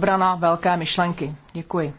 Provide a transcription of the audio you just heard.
obrana velké myšlenky. Děkuji.